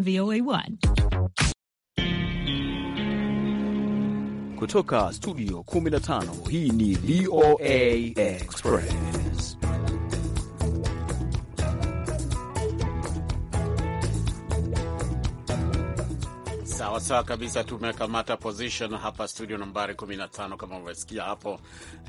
VOA1 kutoka studio 15 hii ni VOA Express sawasawa kabisa, tumekamata position hapa studio nambari 15 kama umesikia hapo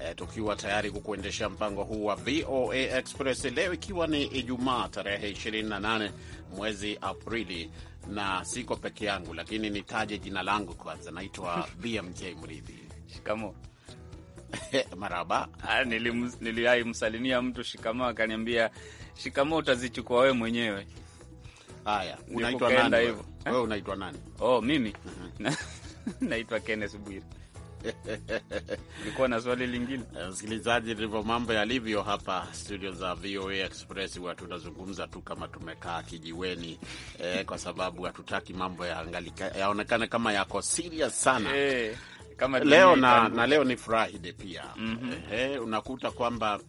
e, tukiwa tayari kukuendeshea mpango huu wa VOA Express leo, ikiwa ni Ijumaa tarehe 28 mwezi Aprili, na siko peke yangu, lakini nitaje jina langu kwanza. Naitwa BMJ Mridhi. Shikamo. Maraba. Ah, Niliai msalimia mtu shikamoo, akaniambia shikamoo utazichukua wewe mwenyewe Haya, unaitwa nani hivyo? Wewe unaitwa nani? Oh, mimi uh-huh. naitwa Kenneth Bwire. Nilikuwa na swali lingine, eh, msikilizaji? Ndivyo mambo yalivyo hapa studio za VOA Express. Tunazungumza tu kama tumekaa kijiweni eh, kwa sababu hatutaki mambo yaonekane ya kama yako serious sana hey, eh, kama leo na, na leo ni Friday pia mm -hmm. eh, unakuta kwamba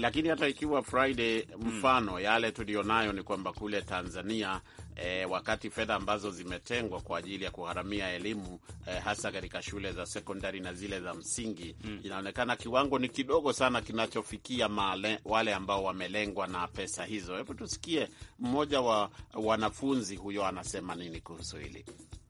lakini hata ikiwa Friday hmm. mfano mm. yale tuliyonayo ni kwamba kule Tanzania e, wakati fedha ambazo zimetengwa kwa ajili ya kuharamia elimu e, hasa katika shule za sekondari na zile za msingi mm. Inaonekana kiwango ni kidogo sana kinachofikia male, wale ambao wamelengwa na pesa hizo. Hebu tusikie mmoja wa wanafunzi huyo anasema nini kuhusu hili.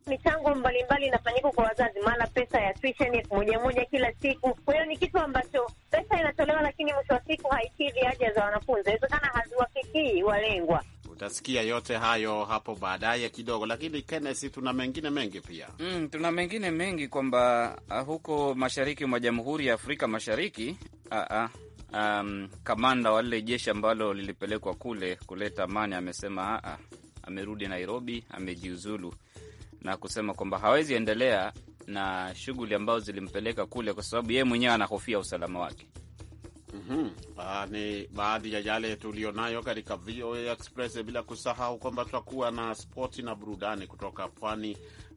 Michango mbalimbali inafanyika kwa wazazi, maana pesa ya tuition elfu moja moja kila siku. Kwa hiyo ni kitu ambacho pesa inatolewa, lakini mwisho wa siku haikidhi haja za wanafunzi, inawezekana haziwafikii walengwa. Utasikia yote hayo hapo baadaye kidogo, lakini Kenneth, tuna mengine mengi pia mm, tuna mengine mengi kwamba ah, huko mashariki mwa Jamhuri ya Afrika Mashariki uh, uh. um, kamanda wa lile jeshi ambalo lilipelekwa kule kuleta amani amesema amerudi Nairobi, amejiuzulu na kusema kwamba hawezi endelea na shughuli ambazo zilimpeleka kule kwa sababu yeye mwenyewe anahofia usalama wake. Mm -hmm. Ni baadhi ya yale tulionayo katika VOA Express, bila kusahau kwamba tutakuwa na spoti na burudani kutoka pwani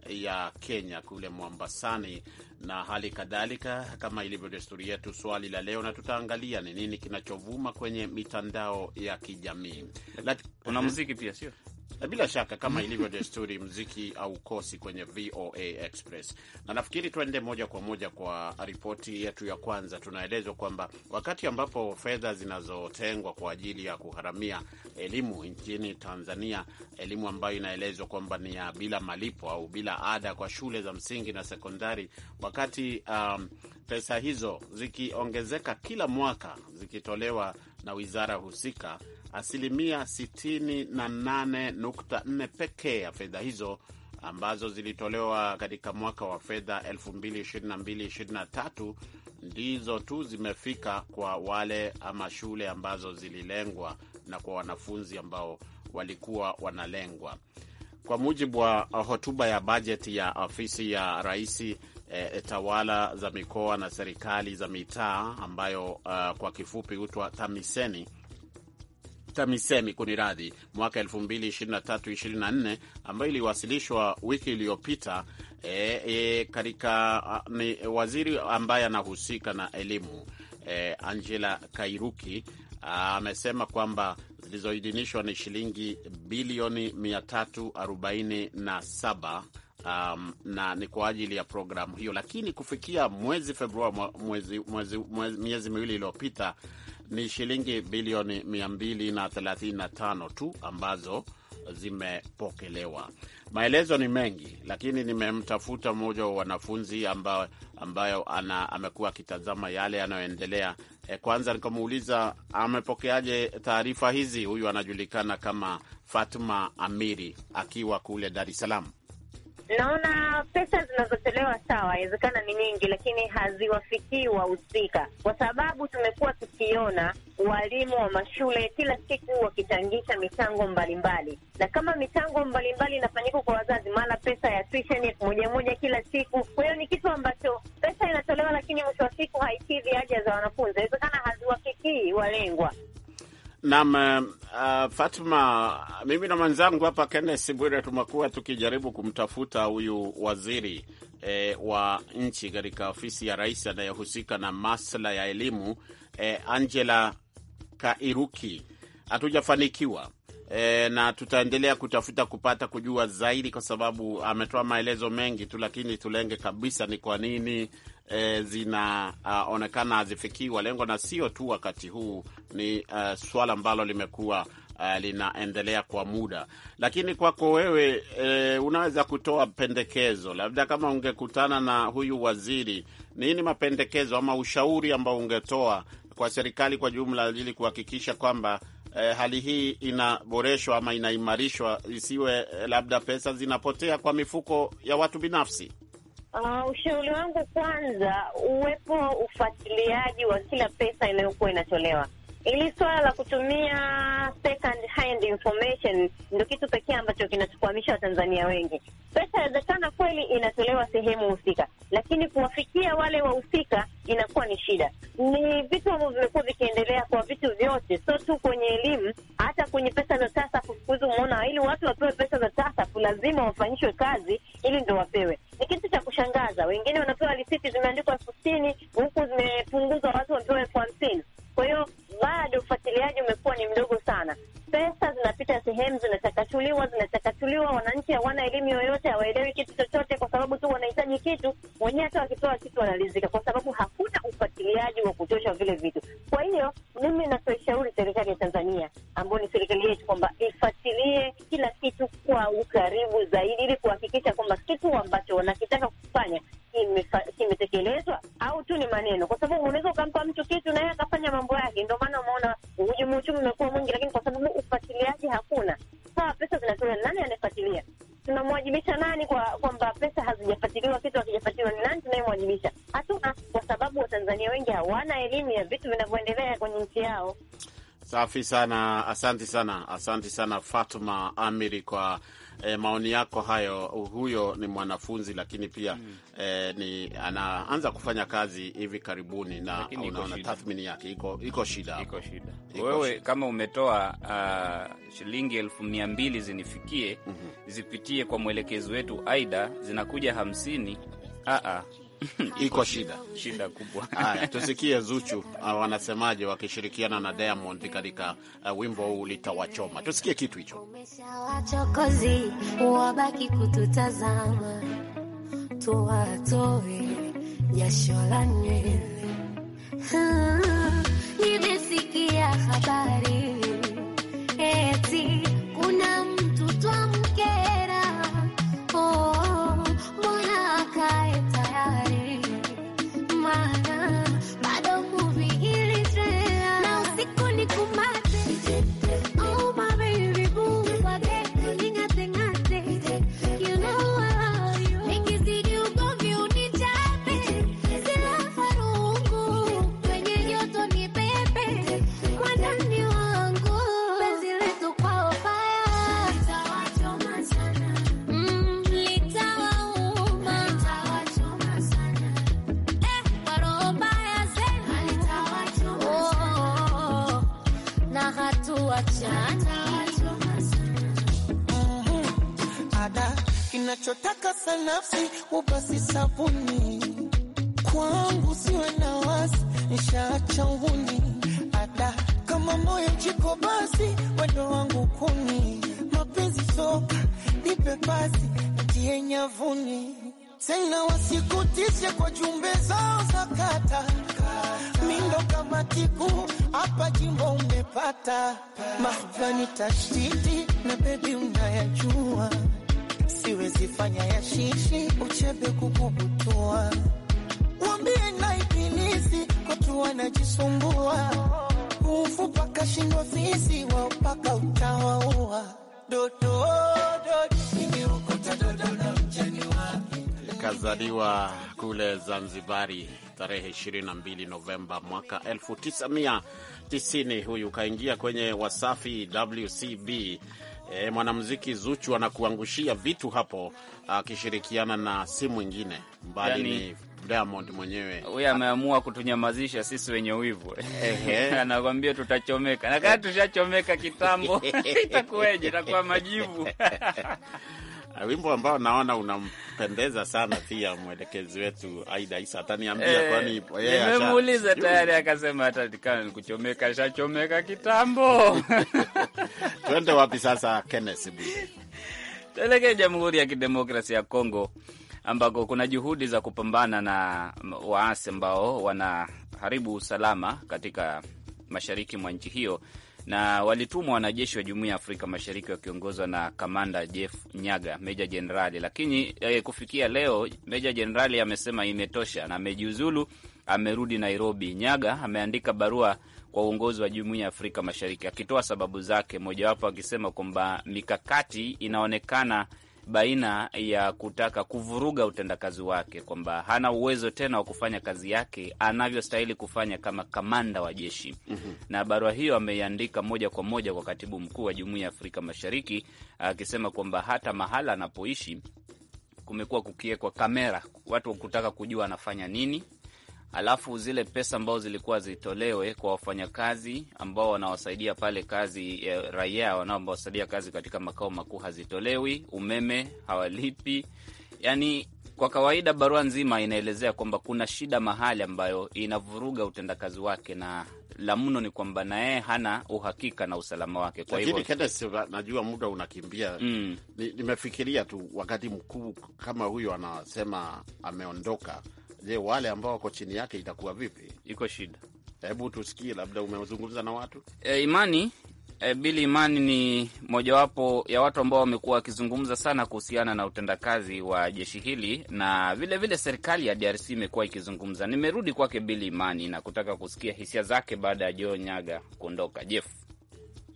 ya Kenya kule Mwambasani, na hali kadhalika, kama ilivyo desturi yetu, swali la leo, na tutaangalia ni nini kinachovuma kwenye mitandao ya kijamii. Kuna muziki pia, sio? Na bila shaka kama ilivyo desturi, mziki au kosi kwenye VOA Express, na nafikiri tuende moja kwa moja kwa ripoti yetu ya kwanza. Tunaelezwa kwamba wakati ambapo fedha zinazotengwa kwa ajili ya kuharamia elimu nchini Tanzania, elimu ambayo inaelezwa kwamba ni ya bila malipo au bila ada kwa shule za msingi na sekondari, wakati um, pesa hizo zikiongezeka kila mwaka zikitolewa na wizara husika asilimia 68.4 pekee ya fedha hizo ambazo zilitolewa katika mwaka wa fedha 2022 ndizo tu zimefika kwa wale ama shule ambazo zililengwa na kwa wanafunzi ambao walikuwa wanalengwa. Kwa mujibu wa hotuba ya bajeti ya ofisi ya rais e, tawala za mikoa na serikali za mitaa ambayo uh, kwa kifupi hutwa TAMISENI TAMISEMI kuniradhi, mwaka 2023/24 ambayo iliwasilishwa wiki iliyopita e, e, katika waziri ambaye anahusika na elimu e, Angela Kairuki amesema kwamba zilizoidhinishwa ni shilingi bilioni 347 um, na ni kwa ajili ya programu hiyo, lakini kufikia mwezi Februari, mwezi, mwezi, mwezi, miezi miwili iliyopita ni shilingi bilioni 235 tu ambazo zimepokelewa. Maelezo ni mengi, lakini nimemtafuta mmoja wa wanafunzi ambayo, ambayo ana, amekuwa akitazama yale yanayoendelea. E, kwanza nikamuuliza amepokeaje taarifa hizi. Huyu anajulikana kama Fatma Amiri akiwa kule Dar es Salaam. Naona pesa zinazotolewa sawa, inawezekana ni nyingi, lakini haziwafikii wahusika, kwa sababu tumekuwa tukiona walimu wa mashule kila siku wakichangisha michango mbalimbali, na kama michango mbalimbali inafanyika kwa wazazi, maana pesa ya tuition elfu moja moja kila siku. Kwa hiyo ni kitu ambacho pesa inatolewa, lakini mwisho wa siku haikidhi haja za wanafunzi, inawezekana haziwafikii walengwa. Naam, eh, Uh, ah, Fatma, mimi na mwenzangu hapa Kenneth Bwire tumekuwa tukijaribu kumtafuta huyu waziri eh, wa nchi katika ofisi ya rais anayehusika na masuala ya elimu eh, Angela Kairuki, hatujafanikiwa. E, na tutaendelea kutafuta kupata kujua zaidi, kwa sababu ametoa maelezo mengi tu, lakini tulenge kabisa ni kwa nini e, zinaonekana hazifikiwa lengo, na sio tu wakati huu, ni uh, swala ambalo limekuwa uh, linaendelea kwa muda. Lakini kwako wewe e, unaweza kutoa pendekezo, labda kama ungekutana na huyu waziri, nini mapendekezo ama ushauri ambao ungetoa kwa serikali kwa jumla ili kuhakikisha kwamba eh, hali hii inaboreshwa ama inaimarishwa, isiwe eh, labda pesa zinapotea kwa mifuko ya watu binafsi? Uh, ushauri wangu kwanza, uwepo ufuatiliaji wa kila pesa inayokuwa inatolewa ili swala la kutumia second hand information ndio kitu pekee ambacho kinatukwamisha Watanzania wengi. Pesa yawezekana kweli inatolewa sehemu husika, lakini kuwafikia wale wahusika inakuwa ni shida. Ni vitu ambavyo vimekuwa vikiendelea kwa vitu vyote, sio tu kwenye elimu, hata kwenye pesa za TASAFU. Siku hizi umeona, ili watu wapewe pesa za TASAFU lazima wafanyishwe kazi ili ndo wapewe. Ni kitu cha kushangaza. Wengine wanapewa risiti zimeandikwa elfu sitini huku zimepunguzwa, watu wapewe elfu hamsini. Kwa hiyo bado ufuatiliaji umekuwa ni mdogo sana. Pesa zinapita sehemu, zinachakachuliwa, zinachakachuliwa. Wananchi hawana elimu yoyote, hawaelewi kitu chochote, kwa sababu tu wanahitaji kitu. Wenyewe hata wakitoa kitu wanalizika, kwa sababu hakuna ufuatiliaji wa kutosha vile vitu. Kwa hiyo mimi natoshauri serikali ya Tanzania ambayo ni serikali yetu kwamba ifuatilie kila kitu kwa ukaribu zaidi, ili kuhakikisha kwamba kitu ambacho wanakitaka kufanya kimetekelezwa, au tu ni maneno, kwa sababu unaweza ukampa mtu kitu naye kufanya mambo yake, ndio maana umeona uhujumu uchumi umekuwa mwingi, lakini kwa sababu ufuatiliaji hakuna. Sawa, pesa zinatolewa, nani anafuatilia? Tunamwajibisha nani kwa kwamba pesa hazijafuatiliwa? Kitu hakijafuatiliwa ni nani tunayemwajibisha? Hatuna, kwa sababu Watanzania wengi hawana elimu ya vitu vinavyoendelea kwenye nchi yao. Safi sana, asante sana, asante sana Fatuma Amiri kwa E, maoni yako hayo. Huyo ni mwanafunzi lakini pia mm, e, ni anaanza kufanya kazi hivi karibuni na unaona tathmini yake iko iko shida, iko shida. Wewe shida. Kama umetoa uh, shilingi elfu mia mbili zinifikie, mm -hmm. zipitie kwa mwelekezi wetu, aida zinakuja hamsini. Ah, ah. iko shida shida kubwa. Haya, tusikie Zuchu uh, wanasemaje wakishirikiana na Diamond katika uh, wimbo huu litawachoma. Tusikie kitu hicho. Umeshawachokozi wabaki kututazama, tuwatoe jasho la nywele. Nimesikia habari Ada kinachotaka sanafsi ubasi sabuni kwangu siwe na wasi nshachanguni ada kama moyo chiko basi wendo wangu kuni mapenzi soka nipe basi natie nyavuni tena wasikutishe kwa jumbe zao za kata mindo kama tiku hapa jimbo umepata mahvani tashtiti na bebi unayajua, siwezi fanya ya shishi uchebe kukubutua, wambie na ibilisi kwetu wanajisumbua kufu paka shindo fisi wa paka utawaua dodo kazaliwa kule Zanzibari tarehe 22 Novemba mwaka 1990. Huyu kaingia kwenye Wasafi WCB. E, mwanamuziki Zuchu anakuangushia vitu hapo akishirikiana na si mwingine mbali yani, ni Diamond mwenyewe. Huyu ameamua kutunyamazisha sisi wenye wivu anakwambia tutachomeka, na tushachomeka kitambo itakuweje? Itakuwa majivu wimbo ambao naona unampendeza sana pia mwelekezi wetu Aida Isa ataniambia eh, kwani nimemuuliza tayari akasema hata kama nikuchomeka shachomeka kitambo. Twende wapi sasa Kenneth Bwire? Tuelekee Jamhuri ya Kidemokrasia ya Kongo ambako kuna juhudi za kupambana na waasi ambao wanaharibu usalama katika mashariki mwa nchi hiyo na walitumwa wanajeshi wa Jumuiya ya Afrika Mashariki wakiongozwa na kamanda Jeff Nyaga, meja jenerali. Lakini eh, kufikia leo meja jenerali amesema imetosha na amejiuzulu, amerudi Nairobi. Nyaga ameandika barua kwa uongozi wa Jumuiya ya Afrika Mashariki akitoa sababu zake, mojawapo akisema kwamba mikakati inaonekana baina ya kutaka kuvuruga utendakazi wake, kwamba hana uwezo tena wa kufanya kazi yake anavyostahili kufanya kama kamanda wa jeshi mm -hmm. Na barua hiyo ameiandika moja kwa moja kwa katibu mkuu wa Jumuiya ya Afrika Mashariki akisema kwamba hata mahala anapoishi kumekuwa kukiwekwa kamera, watu kutaka kujua anafanya nini, alafu zile pesa ambazo zilikuwa zitolewe kwa wafanyakazi ambao wanawasaidia pale kazi eh, raia wanaowasaidia kazi katika makao makuu hazitolewi, umeme hawalipi. Yani kwa kawaida barua nzima inaelezea kwamba kuna shida mahali ambayo inavuruga utendakazi wake, na la mno ni kwamba naye hana uhakika na usalama wake. Kwa hivyo najua muda unakimbia, mm, nimefikiria tu wakati mkuu kama huyo anasema ameondoka Je, wale ambao wako chini yake itakuwa vipi? Iko shida. Hebu tusikie, labda umezungumza na watu e, Imani e, Bili Imani ni mojawapo ya watu ambao wamekuwa wakizungumza sana kuhusiana na utendakazi wa jeshi hili na vilevile vile serikali ya DRC imekuwa ikizungumza. Nimerudi kwake Bili Imani na kutaka kusikia hisia zake baada ya Joe Nyaga kuondoka. Jeff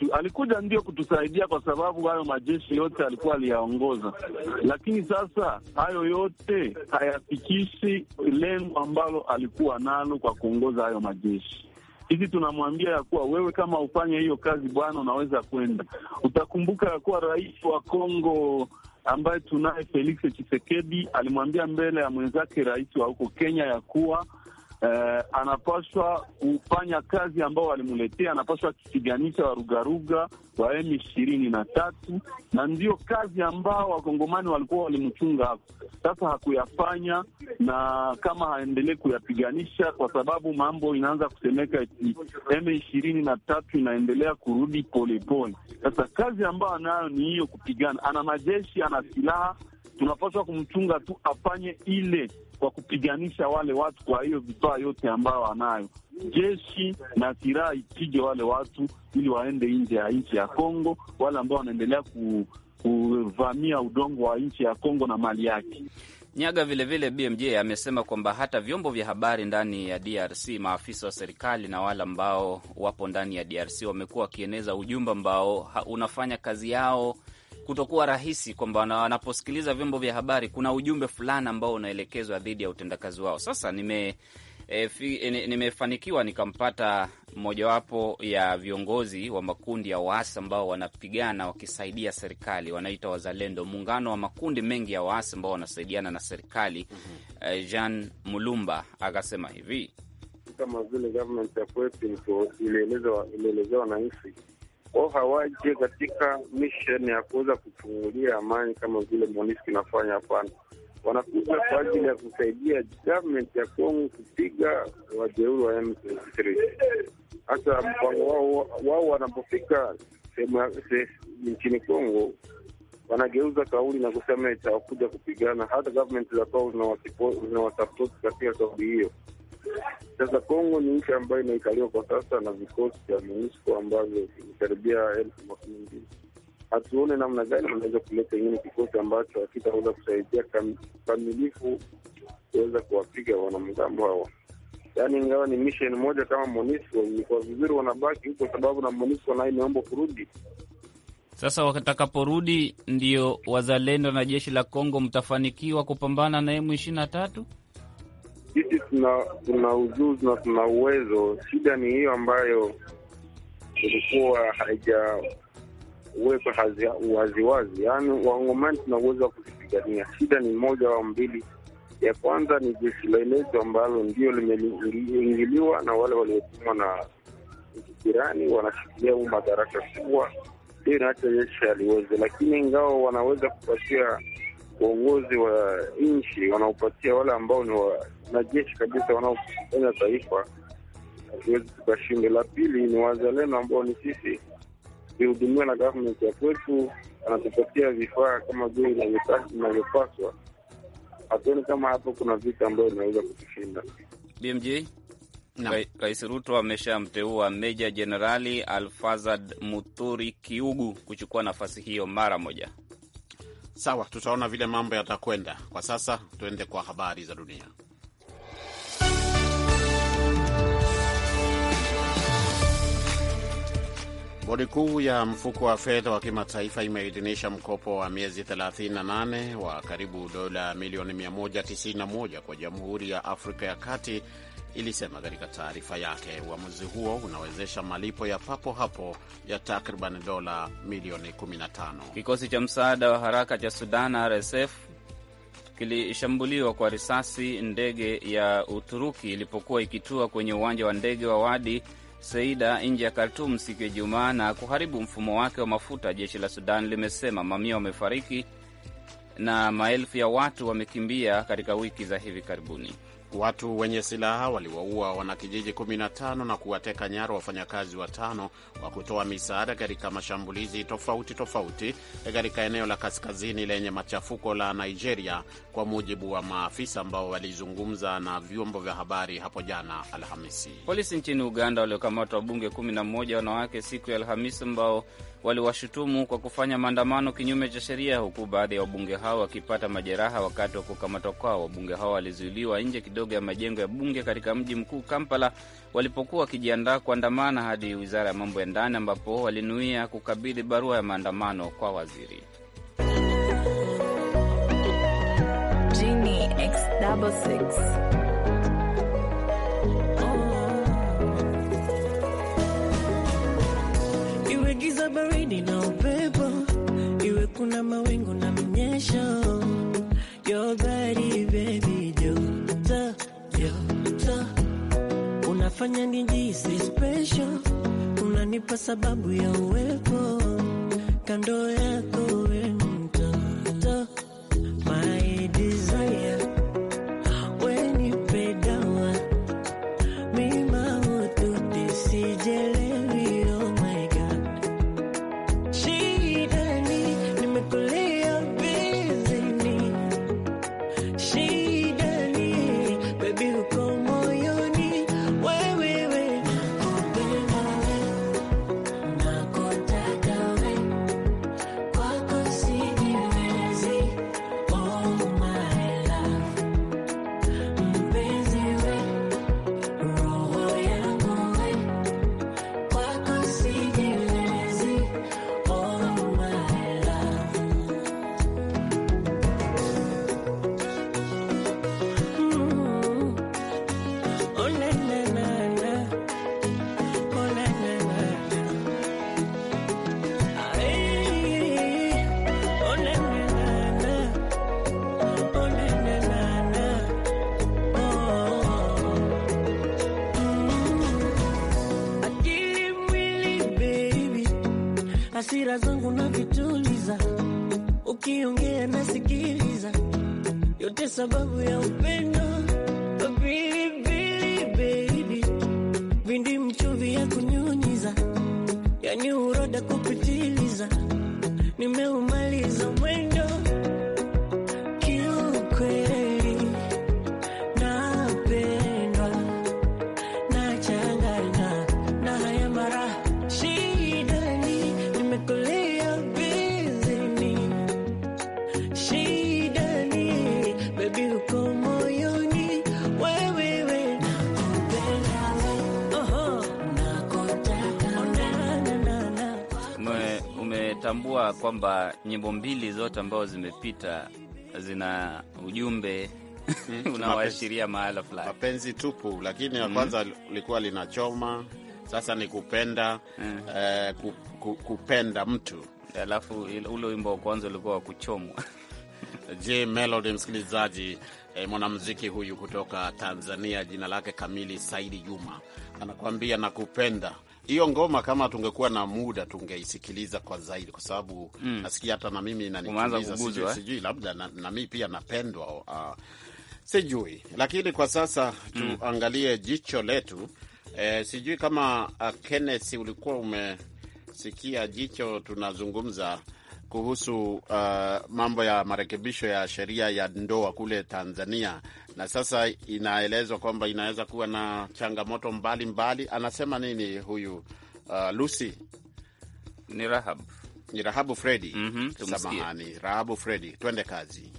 yetu. Alikuja ndio kutusaidia kwa sababu hayo majeshi yote alikuwa aliyaongoza, lakini sasa hayo yote hayafikishi lengo ambalo alikuwa nalo kwa kuongoza hayo majeshi. Hizi tunamwambia ya kuwa wewe kama ufanye hiyo kazi bwana, unaweza kwenda. Utakumbuka ya kuwa rais wa Kongo ambaye tunaye Felix Tshisekedi alimwambia mbele ya mwenzake rais wa huko Kenya ya kuwa eh, anapaswa kufanya kazi ambao walimletea, anapaswa kupiganisha warugaruga wa M ishirini na tatu, na ndio kazi ambao wakongomani walikuwa walimchunga hapo. Sasa hakuyafanya, na kama haendelee kuyapiganisha, kwa sababu mambo inaanza kusemeka eti M ishirini na tatu inaendelea kurudi polepole. Sasa kazi ambayo anayo ni hiyo, kupigana. Ana majeshi, ana silaha, tunapaswa kumchunga tu afanye ile kwa kupiganisha wale watu kwa hiyo vifaa yote ambayo wanayo jeshi na silaha ipige wale watu ili waende nje ya nchi ya Kongo, wale ambao wanaendelea ku, kuvamia udongo wa nchi ya Kongo na mali yake. Nyaga vilevile vile BMJ amesema kwamba hata vyombo vya habari ndani ya DRC, maafisa wa serikali na wale ambao wapo ndani ya DRC wamekuwa wakieneza ujumbe ambao unafanya kazi yao kutokuwa rahisi kwamba wanaposikiliza vyombo vya habari kuna ujumbe fulani ambao unaelekezwa dhidi ya utendakazi wao. Sasa nime E, e nimefanikiwa nikampata mojawapo ya viongozi wa makundi ya waasi ambao wanapigana wakisaidia serikali, wanaita Wazalendo, muungano wa makundi mengi ya waasi ambao wanasaidiana na serikali mm -hmm. Jean Mulumba akasema hivi, kama vile government ya kwetu ilielezewa wananchi kwao hawaje katika mission ya kuweza kufungulia amani kama vile MONUSCO inafanya. Hapana, wanakuja kwa ajili ya kusaidia government ya Kongo kupiga wajeuri wa M23. Hasa mpango wao, wao wanapofika sehemu nchini Kongo wanageuza kauli na kusema itawakuja kupigana. Hata government za Kongo zinawasapoti katika kauli hiyo. Sasa Kongo ni nchi ambayo inaikaliwa kwa sasa na vikosi vya MONUSCO ambavyo vimekaribia elfu makumi mbili. Hatuone namna gani wanaweza kuleta ingine kikosi ambacho hakitaweza kusaidia kamilifu kuweza kuwapiga wanamgambo hawa. Yaani, ingawa ni mission moja kama MONUSCO, ni kwa vizuri wanabaki huko, sababu na MONUSCO naye imeomba kurudi. Sasa watakaporudi, ndio wazalendo na jeshi la Kongo mtafanikiwa kupambana na emu ishirini na tatu sisi tuna, tuna ujuzi na tuna uwezo. Shida ni hiyo ambayo ilikuwa haijawekwa waziwazi, yaani wangomani tuna uwezo wa kuzipigania. Shida ni moja au mbili. Ya kwanza ni jeshi la elezo ambalo ndio limeingiliwa na wale waliotumwa na nchi jirani, wanashikilia huu madaraka kubwa, inaacha jeshi aliweze, lakini ingawa wanaweza kupatia uongozi wa nchi, wanaopatia wale ambao ni wa jeshi kabisa wanaopenya taifa, hatuwezi tukashinde. La pili ni wazalendo ambao ni sisi, tukihudumiwa na government ya kwetu anatupatia vifaa kama vile inavyopaswa. Hatuoni kama hapo kuna vita ambayo inaweza kutushinda. BMJ Rais Ruto ameshamteua Meja Jenerali Alfazad Muturi Kiugu kuchukua nafasi hiyo mara moja. Sawa, tutaona vile mambo yatakwenda. Kwa sasa tuende kwa habari za dunia. Bodi kuu ya mfuko wa fedha wa kimataifa imeidhinisha mkopo wa miezi 38 wa karibu dola milioni 191 kwa Jamhuri ya Afrika ya Kati, ilisema katika taarifa yake. Uamuzi huo unawezesha malipo ya papo hapo ya takriban dola milioni 15. Kikosi cha msaada wa haraka cha Sudan, RSF, kilishambuliwa kwa risasi ndege ya Uturuki ilipokuwa ikitua kwenye uwanja wa ndege wa Wadi Seida nje ya Khartum siku ya Ijumaa na kuharibu mfumo wake wa mafuta, jeshi la Sudan limesema. Mamia wamefariki na maelfu ya watu wamekimbia katika wiki za hivi karibuni. Watu wenye silaha waliwaua wanakijiji 15 na kuwateka nyara wafanyakazi watano wa kutoa misaada katika mashambulizi tofauti tofauti katika eneo la kaskazini lenye machafuko la Nigeria, kwa mujibu wa maafisa ambao walizungumza na vyombo vya habari hapo jana Alhamisi. Polisi nchini Uganda waliokamata wabunge 11 wanawake siku ya Alhamisi ambao waliwashutumu kwa kufanya maandamano kinyume cha sheria, huku baadhi ya wabunge hao wakipata majeraha wakati wa kukamatwa kwao. Wabunge hao walizuiliwa nje kidogo ya majengo ya bunge katika mji mkuu Kampala walipokuwa wakijiandaa kuandamana hadi wizara ya mambo ya ndani ambapo walinuia kukabidhi barua ya maandamano kwa waziri Gini, mawingu na minyesho unafanya nijisi special, unanipa sababu ya uwepo kando yako ukiongea nasikiliza yote sababu ya upendo kwamba nyimbo mbili zote ambazo zimepita zina ujumbe hmm. unaoashiria mahala fulani, mapenzi tupu, lakini ya hmm. kwanza -hmm. likuwa linachoma, sasa ni kupenda -hmm. eh, ku, ku, kupenda mtu, alafu ule wimbo wa kwanza ulikuwa wa kuchomwa. Je, Melody msikilizaji, eh, mwanamziki huyu kutoka Tanzania, jina lake kamili Saidi Juma anakuambia nakupenda hiyo ngoma kama tungekuwa na muda tungeisikiliza kwa zaidi, kwa sababu mm. nasikia hata na mimi nanisijui eh? sijui, labda na, na mimi pia napendwa uh, sijui, lakini kwa sasa mm. tuangalie jicho letu eh, sijui kama uh, Kenneth ulikuwa umesikia jicho tunazungumza kuhusu uh, mambo ya marekebisho ya sheria ya ndoa kule Tanzania, na sasa inaelezwa kwamba inaweza kuwa na changamoto mbalimbali mbali. Anasema nini huyu uh, Lucy ni Rahab ni Rahabu Fredi. mm -hmm, samahani, Rahabu Fredi, twende kazi.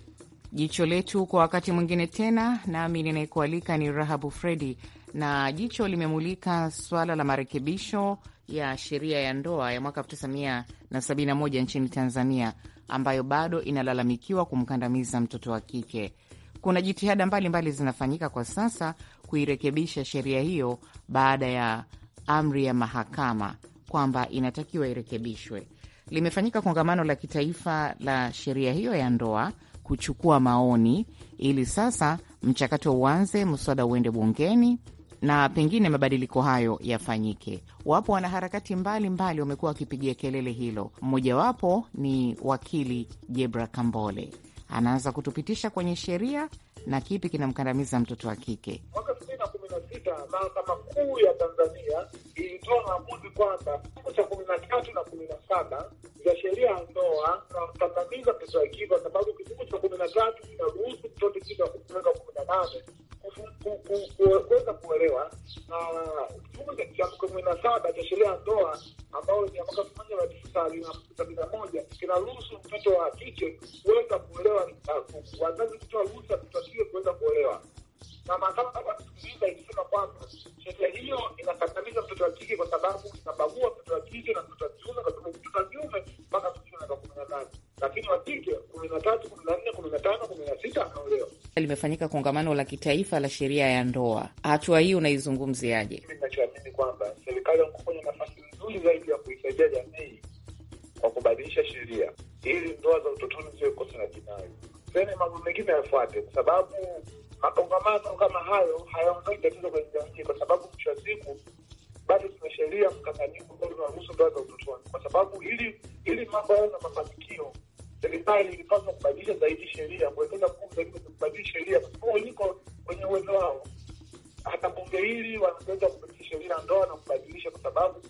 Jicho letu kwa wakati mwingine tena, nami ninayekualika ni Rahabu Fredi, na jicho limemulika swala la marekebisho ya sheria ya ndoa ya mwaka 1971 nchini Tanzania ambayo bado inalalamikiwa kumkandamiza mtoto wa kike. Kuna jitihada mbalimbali zinafanyika kwa sasa kuirekebisha sheria hiyo baada ya amri ya mahakama kwamba inatakiwa irekebishwe. Limefanyika kongamano la kitaifa la sheria hiyo ya ndoa kuchukua maoni, ili sasa mchakato uanze, mswada uende bungeni na pengine mabadiliko hayo yafanyike. Wapo wanaharakati mbalimbali wamekuwa wakipigia kelele hilo, mmojawapo ni wakili Jebra Kambole anaanza kutupitisha kwenye sheria na kipi kinamkandamiza mtoto wa kike. Mwaka elfu mbili na kumi na sita mahakama kuu ya Tanzania ilitoa maamuzi kwamba kifungu cha kumi na tatu na kumi na saba za sheria ya ndoa namkandamiza mtoto wa kike, kwa sababu kifungu cha kumi na tatu kinaruhusu mtoto chini ya miaka kumi na nane kuweza kuelewa na kifungu cha kitabu kumi na saba cha sheria ya ndoa ambayo ni ya mwaka elfu moja mia tisa sabini na moja kinaruhusu mtoto wa kike kuweza kuelewa, wazazi kutoa ruhusa mtoto wa kike kuweza kuelewa. na mahakama kusikiliza ikisema kwamba sheria hiyo inakandamiza mtoto wa kike kwa sababu inabagua mtoto wa kike na mtoto wa kiume, kwa sababu mtoto wa kiume mpaka kufikia miaka kumi na nane, lakini wa kike kumi na tatu, kumi na nne, kumi na tano, kumi na sita anaolewa limefanyika kongamano la kitaifa la sheria ya ndoa. Hatua hii unaizungumziaje? Ninachoamini kwamba serikali hakufanya nafasi nzuri zaidi ya kuisaidia jamii kwa kubadilisha sheria ili ndoa za utotoni ziwe kosa la jinai, then mambo mengine yafuate, kwa sababu makongamano kama hayo hayaondoi tatizo kwenye jamii, kwa sababu mwisho wa siku bado tuna sheria mkanganyiko ambao unaruhusu ndoa za utotoni, kwa sababu ili ili mambo hayo na mafanikio serikali ilipaswa kubadilisha zaidi sheria, kuwekeza nguvu zaidi kwenye kubadilisha sheria, kwa sababu liko kwenye uwezo wao. Hata bunge hili wanaweza kupitisha sheria ndoa na kubadilisha, kwa sababu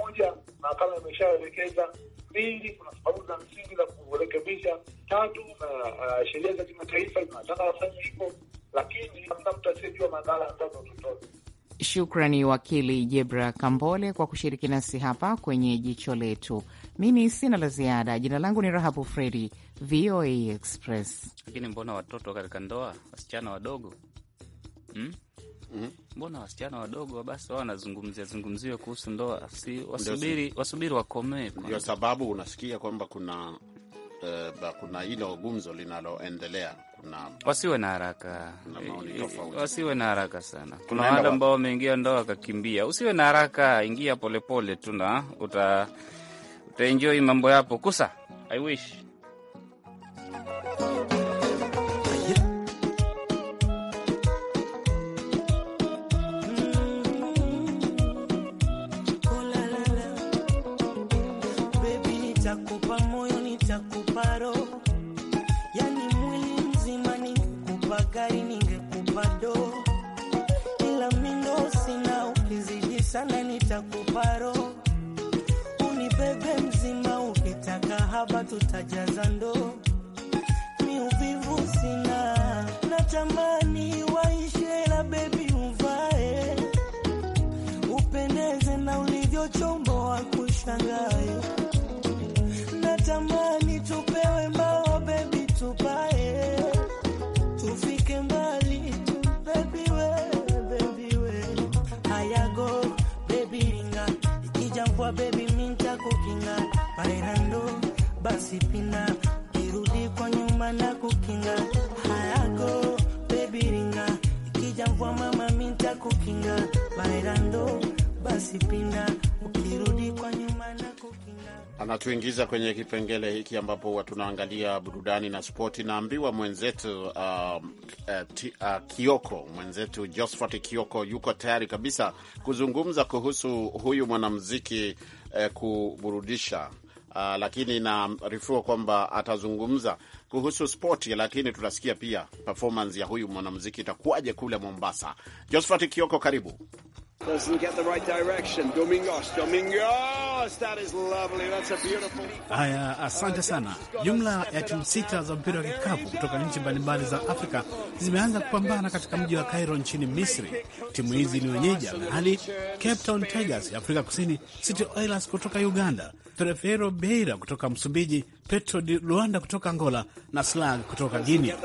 moja, mahakama imeshaelekeza; mbili, kuna sababu za msingi za kurekebisha; tatu, na uh, sheria za kimataifa zinataka wafanye hivyo, lakini hamna mtu asiyejua madhara ambazo tutoza Shukrani wakili Jebra Kambole kwa kushiriki nasi hapa kwenye jicho letu. Mimi sina la ziada. Jina langu ni Rahabu Fredi, VOA Express. Lakini mbona watoto katika ndoa, wasichana wadogo hmm? Mm -hmm. Mbona wasichana wadogo basi wao wanazungumzia zungumziwe kuhusu ndoa, si wasubiri, wasubiri wakomee. Ndio sababu unasikia kwamba kuna uh, kuna hilo gumzo linaloendelea wasiwe na haraka, eh, wasiwe na haraka sana. Kuna wale ambao wameingia ndoa wakakimbia. Usiwe na haraka, ingia polepole tu na uta, utaenjoi mambo yapo. Kusa, I wish Baby, nitakupa moyo nitakupa roho gari ningekupa do, ila mindo sina, ukizidi sana nitakuparo. Unibebe mzima, ukitaka haba tutajaza ndo Mi uvivu sina, natamani waishe, la bebi uvae, upendeze na ulivyochombo, wakushangae kirudi kwa nyuma na kukinga ikija mvua mama minta kukinga bairando basi pinda Anatuingiza kwenye kipengele hiki ambapo huwa tunaangalia burudani na spoti. Naambiwa mwenzetu uh, um, uh, eh, t, uh, ah, Kioko mwenzetu Josphat Kioko yuko tayari kabisa kuzungumza kuhusu huyu mwanamuziki uh, kuburudisha Uh, lakini naarifiwa kwamba atazungumza kuhusu spoti, lakini tutasikia pia performance ya huyu mwanamuziki itakuwaje kule Mombasa. Josephat Kioko, karibu. Haya, asante sana. Jumla ya timu sita za mpira wa kikapu kutoka nchi mbalimbali za Afrika zimeanza kupambana katika mji wa Cairo nchini Misri. Timu hizi ni wenyeji Ahly, Cape Town Tigers ya Afrika Kusini, City Oilers kutoka Uganda, prefero Beira kutoka Msumbiji, Petro di Luanda kutoka Angola na Slag kutoka Guinea.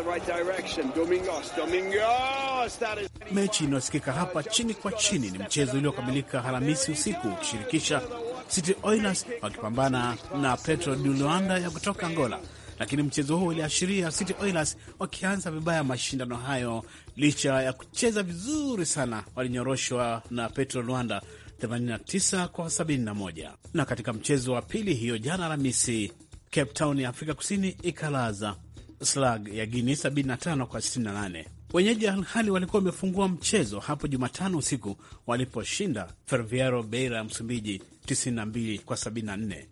Mechi inayosikika hapa chini kwa chini ni mchezo uliokamilika Alhamisi usiku ukishirikisha City Oilers wakipambana na Petro de Luanda ya kutoka Angola, lakini mchezo huo uliashiria City Oilers wakianza vibaya mashindano hayo. Licha ya kucheza vizuri sana, walinyoroshwa na Petro Luanda 89 kwa 71. Na katika mchezo wa pili hiyo jana Alhamisi, Cape Town ya Afrika Kusini ikalaza Slag ya Guinea 75 kwa 68. Wenyeji Alhali walikuwa wamefungua mchezo hapo Jumatano usiku waliposhinda Ferroviaro Beira ya Msumbiji 92 kwa 74.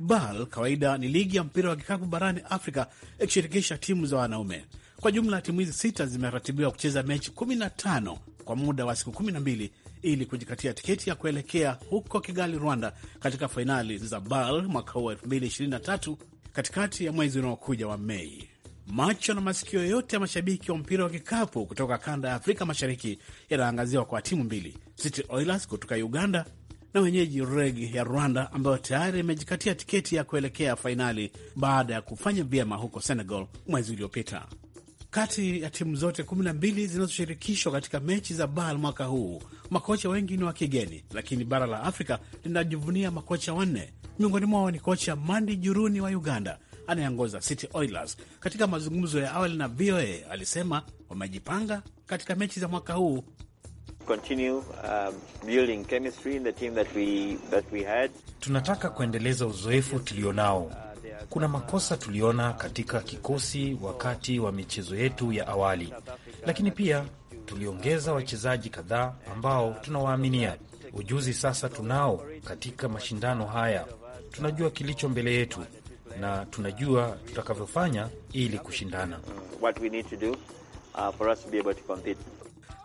BAL kawaida ni ligi ya mpira wa kikapu barani Afrika ikishirikisha timu za wanaume. Kwa jumla timu hizi sita zimeratibiwa kucheza mechi 15 kwa muda wa siku 12 ili kujikatia tiketi ya kuelekea huko Kigali, Rwanda, katika fainali za BAL mwaka huu 2023 katikati ya mwezi unaokuja wa Mei. Macho na masikio yote ya mashabiki wa mpira wa kikapu kutoka kanda ya Afrika Mashariki yanaangaziwa kwa timu mbili, City Oilers kutoka Uganda na wenyeji Reg ya Rwanda, ambayo tayari imejikatia tiketi ya kuelekea fainali baada ya kufanya vyema huko Senegal mwezi uliopita. Kati ya timu zote 12 zinazoshirikishwa katika mechi za BAL mwaka huu, makocha wengi ni wa kigeni, lakini bara la Afrika linajivunia makocha wanne. Miongoni mwao ni kocha Mandi Juruni wa Uganda anayeongoza City Oilers. Katika mazungumzo ya awali na VOA alisema wamejipanga katika mechi za mwaka huu um, Tunataka kuendeleza uzoefu tulionao. Kuna makosa tuliona katika kikosi wakati wa michezo yetu ya awali, lakini pia tuliongeza wachezaji kadhaa ambao tunawaaminia. Ujuzi sasa tunao katika mashindano haya, tunajua kilicho mbele yetu na tunajua tutakavyofanya ili kushindana. Mm, what we need to do, uh, for us to be able to compete.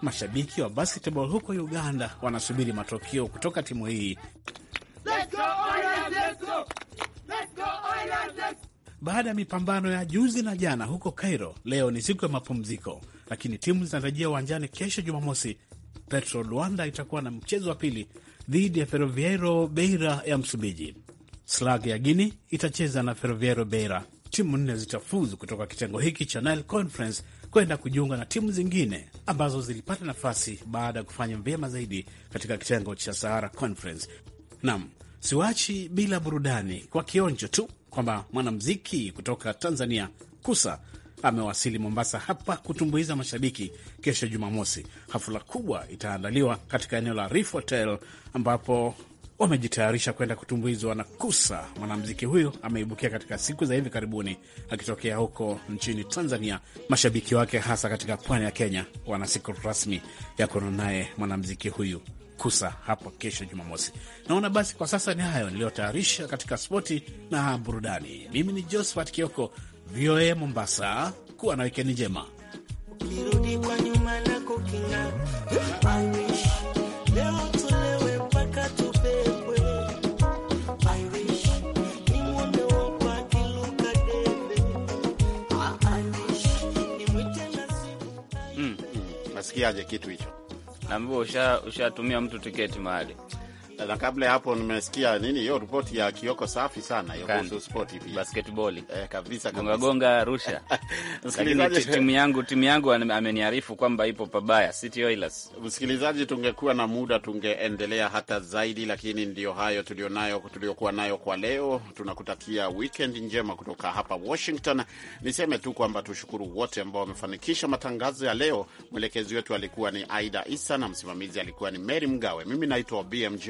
Mashabiki wa basketball huko Uganda wanasubiri matokeo kutoka timu hii. Baada ya mipambano ya juzi na jana huko Cairo, leo ni siku ya mapumziko, lakini timu zinatarajia uwanjani kesho Jumamosi. Petro Luanda itakuwa na mchezo wa pili dhidi ya Ferroviario Beira ya Msumbiji. Slag ya Guini itacheza na Ferroviario Beira. Timu nne zitafuzu kutoka kitengo hiki cha Nile Conference kwenda kujiunga na timu zingine ambazo zilipata nafasi baada ya kufanya vyema zaidi katika kitengo cha Sahara Conference. Nam siwachi bila burudani, kwa kionjo tu kwamba mwanamuziki kutoka Tanzania Kusa amewasili Mombasa hapa kutumbuiza mashabiki kesho Jumamosi. Hafula kubwa itaandaliwa katika eneo la Reef Hotel ambapo wamejitayarisha kwenda kutumbuizwa na Kusa. mwanamziki huyo ameibukia katika siku za hivi karibuni akitokea huko nchini Tanzania. Mashabiki wake hasa katika pwani ya Kenya wana siku rasmi ya kuona naye mwanamziki huyu Kusa hapo kesho Jumamosi. Naona basi kwa sasa ni hayo niliyotayarisha katika spoti na burudani. Mimi ni Josephat Kioko, VOA Mombasa. Kuwa na wikendi njema. unasikiaje kitu hicho? Naambiwa ushatumia usha mtu tiketi mahali na kabla ya hapo nimesikia nini hiyo ripoti ya Kioko, safi sana hiyo kuhusu sport hivi basketball eh, kabisa gonga gonga rusha msikilizaji, timu yangu timu yangu ameniarifu kwamba ipo pabaya, City Oilers. Msikilizaji, tungekuwa na muda tungeendelea hata zaidi, lakini ndio hayo tulionayo tuliokuwa nayo kwa leo. Tunakutakia weekend njema kutoka hapa Washington. Niseme tu kwamba tushukuru wote ambao wamefanikisha matangazo ya leo. Mwelekezi wetu alikuwa ni Aida Isa na msimamizi alikuwa ni Mary Mgawe. Mimi naitwa BMJ